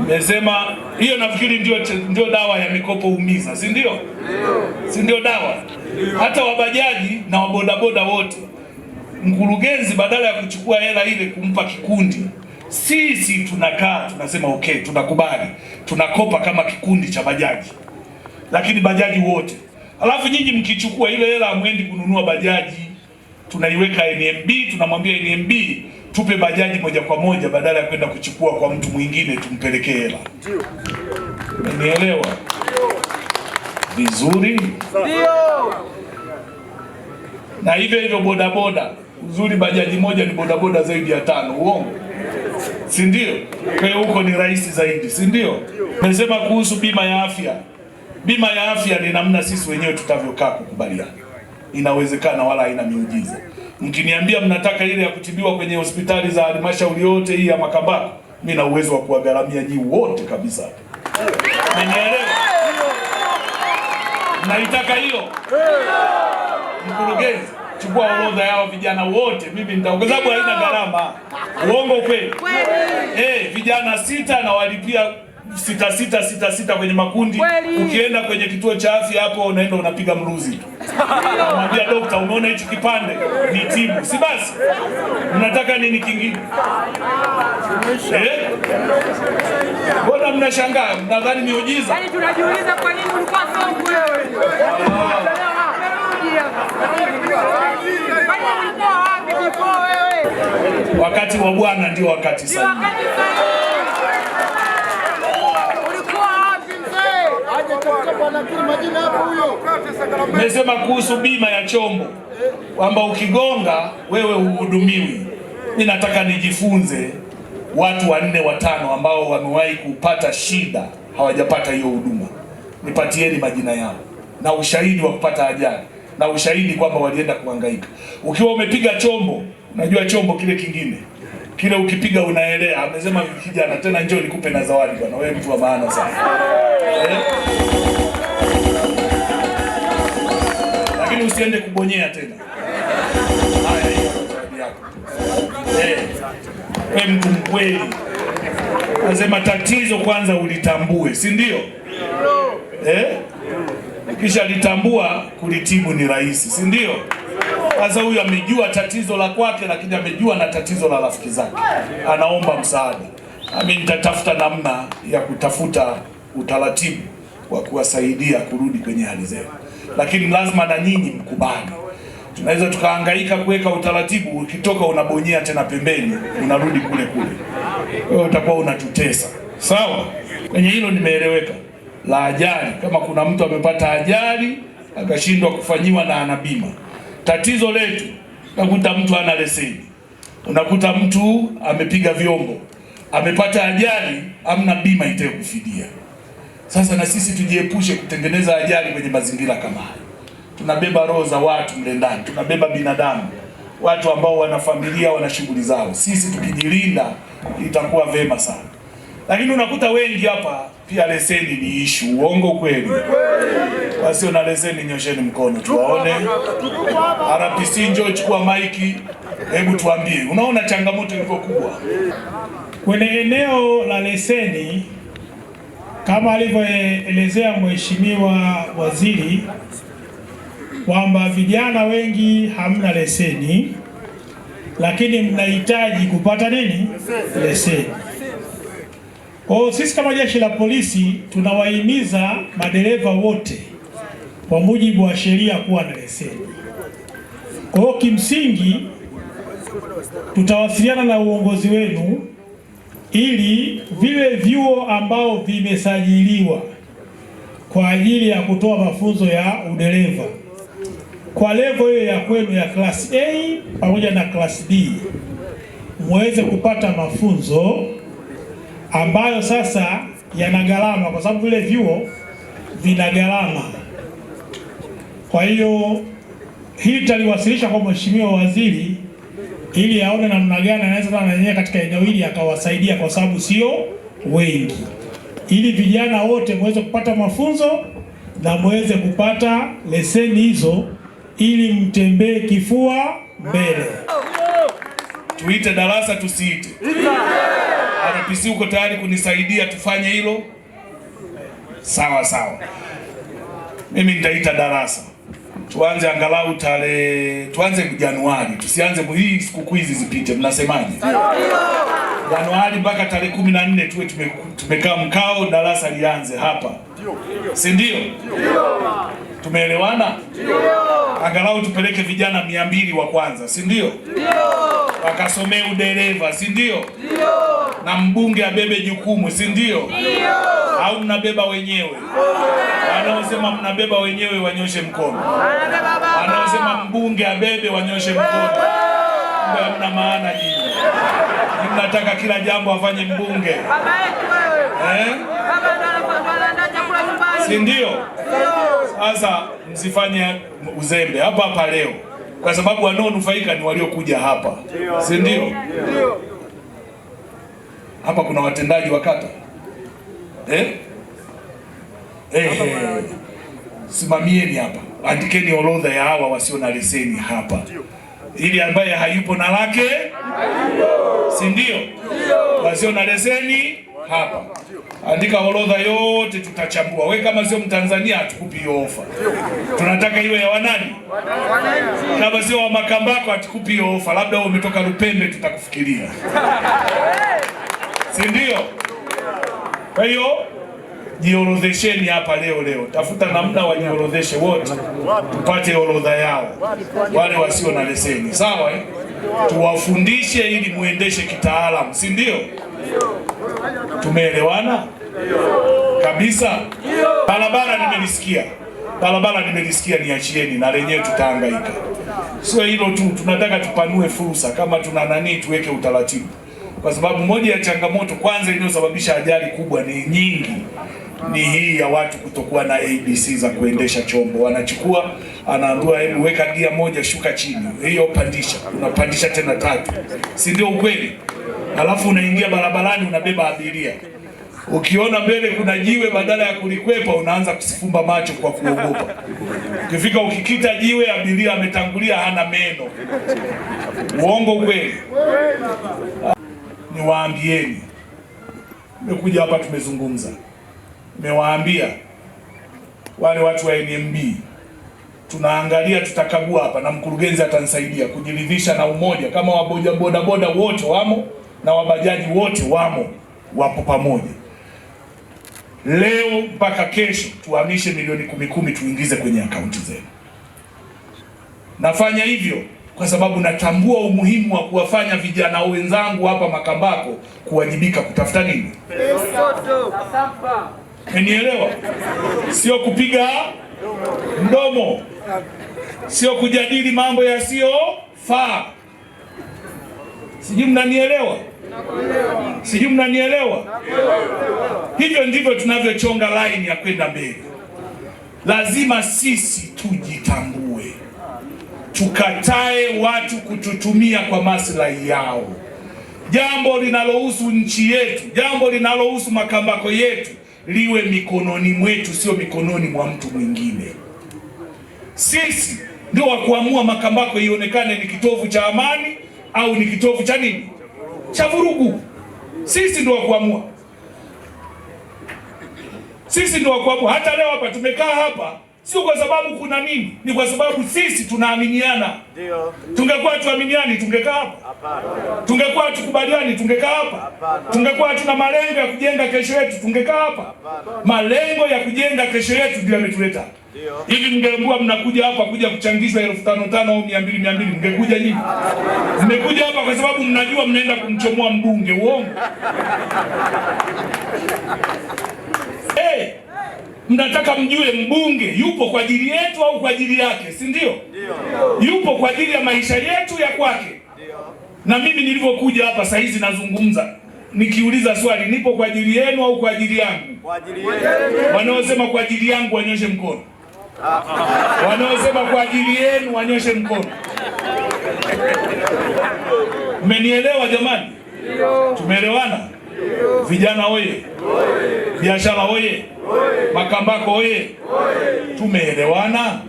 Nimesema hiyo nafikiri ndio ndio dawa ya mikopo umiza, si ndio? Si ndio dawa? Hata wabajaji na wabodaboda wote, mkurugenzi badala ya kuchukua hela ile kumpa kikundi, sisi tunakaa tunasema okay, tunakubali, tunakopa kama kikundi cha bajaji, lakini bajaji wote. Alafu nyinyi mkichukua ile hela, amwendi kununua bajaji, tunaiweka NMB, tunamwambia NMB tupe bajaji moja kwa moja badala ya kwenda kuchukua kwa mtu mwingine tumpelekee hela. Umenielewa vizuri? Ndio. Na hivyo hivyo bodaboda, uzuri bajaji moja ni bodaboda zaidi ya tano, uongo si ndio? Kwa hiyo huko ni rahisi zaidi, si ndio? Nimesema kuhusu bima ya afya. Bima ya afya ni namna sisi wenyewe tutavyokaa kukubaliana, inawezekana wala haina miujiza. Mkiniambia mnataka ile ya kutibiwa kwenye hospitali za halmashauri yote hii ya Makambako, mi na uwezo wa kuwagharamia nyi wote kabisa. Mnielewa? hiyo? Mkurugenzi, chukua orodha yao vijana wote, mimi nitaongeza, sababu haina gharama. Uongo kweli? Eh, vijana sita na walipia sita sita sita sita kwenye makundi. Ukienda kwenye kituo cha afya hapo, unaenda unapiga mruzi tu. Namwambia dokta, umeona hichi kipande ni timu, si basi? Mnataka nini kingine? eh? Mbona mnashangaa? Mnadhani miujiza? Yaani tunajiuliza kwa nini ulikuwa songo wewe. Wakati wa Bwana ndio wakati sahihi. Nimesema kuhusu bima ya chombo kwamba ukigonga wewe uhudumiwi. mi nataka nijifunze watu wanne watano ambao wamewahi kupata shida hawajapata hiyo huduma, nipatieni majina yao na ushahidi wa kupata ajali na ushahidi kwamba walienda kuhangaika. Ukiwa umepiga chombo, unajua chombo kile kingine kile ukipiga unaelea. Amesema kijana tena, njoo nikupe na zawadi bwana, wewe mtu wa maana sana eh? lakini usiende kubonyea tena. Haya, hiyo yako eh, mtu mkweli. Nasema tatizo kwanza ulitambue, si ndio? Eh? Kisha litambua, kulitibu ni rahisi, si ndio? Sasa huyu amejua tatizo la kwake, lakini amejua na tatizo la rafiki zake, anaomba msaada. Nami nitatafuta namna ya kutafuta utaratibu wa kuwasaidia kurudi kwenye hali zenu lakini lazima na nyinyi mkubali. Tunaweza tukahangaika kuweka utaratibu, ukitoka unabonyea tena pembeni, unarudi kule kule, wewe utakuwa unatutesa. Sawa, kwenye hilo nimeeleweka. La ajali, kama kuna mtu amepata ajali akashindwa kufanyiwa na ana bima, tatizo letu nakuta mtu ana leseni, unakuta mtu amepiga vyombo, amepata ajali, amna bima itayokufidia. Sasa na sisi tujiepushe kutengeneza ajali kwenye mazingira kama hayo. Tunabeba roho za watu mle ndani, tunabeba binadamu, watu ambao wana familia, wana shughuli zao. Sisi tukijilinda itakuwa vema sana, lakini unakuta wengi hapa pia leseni ni ishu. Uongo kweli? Wasio na leseni nyosheni mkono tuwaone. RPC njoo, chukua maiki, hebu tuambie, unaona changamoto ilivyo kubwa kwenye eneo la leseni kama alivyoelezea mheshimiwa waziri kwamba vijana wengi hamna leseni, lakini mnahitaji kupata nini? Leseni. Kwa hiyo sisi kama jeshi la polisi tunawahimiza madereva wote kwa mujibu wa sheria kuwa na leseni. Kwa hiyo kimsingi tutawasiliana na uongozi wenu ili vile vyuo ambao vimesajiliwa kwa ajili ya kutoa mafunzo ya udereva kwa levo hiyo ya kwenu ya class A pamoja na class b muweze kupata mafunzo ambayo sasa yana gharama, kwa sababu vile vyuo vina gharama. Kwa hiyo hii taliwasilisha kwa Mheshimiwa Waziri ili aone namna gani anaweza kuwa nanyewe katika eneo hili akawasaidia, kwa sababu sio wengi, ili vijana wote muweze kupata mafunzo na muweze kupata leseni hizo, ili mtembee kifua mbele. Tuite darasa tusiite. RPC, uko tayari kunisaidia tufanye hilo? Sawa sawa, mimi nitaita darasa tuanze angalau tarehe, tuanze Januari, tusianze hii sikukuu hizi zipite. Mnasemaje? Januari mpaka tarehe kumi na nne tuwe tumekaa mkao, darasa lianze hapa, si ndio? Tumeelewana? Angalau tupeleke vijana mia mbili wa kwanza, si ndio? Wakasomee udereva, si ndio? Na mbunge abebe jukumu, si ndio? Au mnabeba wenyewe? anaosema mnabeba wenyewe wanyoshe mkono, anaosema mbunge abebe wanyoshe mkono. Hamna maana nyinyi, mnataka kila jambo afanye mbunge eh? si ndio? Sasa msifanye uzembe hapa hapa leo, kwa sababu wanaonufaika ni waliokuja hapa, si ndio? Hapa kuna watendaji wa kata eh? hey, eh, eh, hey. Eh. Simamieni hapa, andikeni orodha ya hawa wasio na leseni hapa, ili ambaye hayupo na lake, si ndio? Wasio na leseni hapa, andika orodha yote, tutachambua. We kama sio Mtanzania hatukupi hiyo ofa, tunataka iwe ya wanani. Kama sio wa Makambako hatukupi hiyo ofa, labda umetoka Lupembe, tutakufikiria, si ndio? Kwa hiyo jiorodhesheni hapa leo leo, tafuta namna wajiorodheshe wote, tupate orodha yao, wale wasio na leseni. Sawa eh? Tuwafundishe ili muendeshe kitaalamu, si ndio? Tumeelewana kabisa. Barabara nimelisikia, barabara nimelisikia, niachieni na lenyewe, tutaangaika Sio hilo tu, tunataka tupanue fursa, kama tuna nani tuweke utaratibu, kwa sababu moja ya changamoto kwanza inayosababisha ajali kubwa ni nyingi ni hii ya watu kutokuwa na ABC za kuendesha chombo. Wanachukua, anaambiwa hebu weka gia moja, shuka chini, hiyo pandisha, unapandisha tena tatu, si ndio ukweli? Alafu unaingia barabarani, unabeba abiria Ukiona mbele kuna jiwe, badala ya kulikwepa unaanza kusifumba macho kwa kuogopa. Ukifika ukikita jiwe, abiria ametangulia, hana meno. Uongo kweli? Niwaambieni, nimekuja hapa, tumezungumza mewaambia wale watu wa NMB tunaangalia, tutakagua hapa na mkurugenzi atanisaidia kujiridhisha na umoja, kama boda boda wote wamo na wabajaji wote wamo, wapo pamoja. Leo mpaka kesho tuhamishe milioni kumi kumi tuingize kwenye akaunti zenu. Nafanya hivyo kwa sababu natambua umuhimu wa kuwafanya vijana wenzangu hapa Makambako kuwajibika kutafuta nini? Menielewa? Sio kupiga mdomo, sio kujadili mambo yasiyofaa. Sijui mnanielewa, sijui mnanielewa. Hivyo ndivyo tunavyochonga laini ya kwenda mbele. Lazima sisi tujitambue, tukatae watu kututumia kwa maslahi yao, jambo linalohusu nchi yetu, jambo linalohusu Makambako yetu liwe mikononi mwetu, sio mikononi mwa mtu mwingine. Sisi ndio wa kuamua Makambako ionekane ni kitovu cha amani au ni kitovu cha nini, cha vurugu. Sisi ndio wa kuamua, sisi ndio wa kuamua. Hata leo hapa tumekaa hapa sio kwa sababu kuna nini, ni kwa sababu sisi tunaaminiana. Ndio, tungekuwa tuaminiani tungekaa hapa? Hapana. Tungekuwa tukubaliani tungekaa hapa? Hapana. Tungekuwa tuna malengo ya kujenga kesho yetu tungekaa hapa? Hapana. Malengo ya kujenga kesho yetu ndio yametuleta hivi. Mngelikuwa mnakuja hapa kuja kuchangishwa elfu tano tano au mia mbili mia mbili mngekuja nini? Mmekuja hapa kwa sababu mnajua mnaenda kumchomoa mbunge, uongo mnataka mjue mbunge yupo kwa ajili yetu au kwa ajili yake, si ndio? Yupo kwa ajili ya maisha yetu ya kwake. Na mimi nilivyokuja hapa saa hizi nazungumza nikiuliza swali, nipo kwa ajili yenu au kwa ajili yangu? Wanaosema kwa ajili yangu wanyoshe mkono, wanaosema kwa ajili yenu wanyoshe mkono. Mmenielewa jamani? Tumeelewana. Vijana oye! Biashara oye! Makambako oye! Tumeelewana?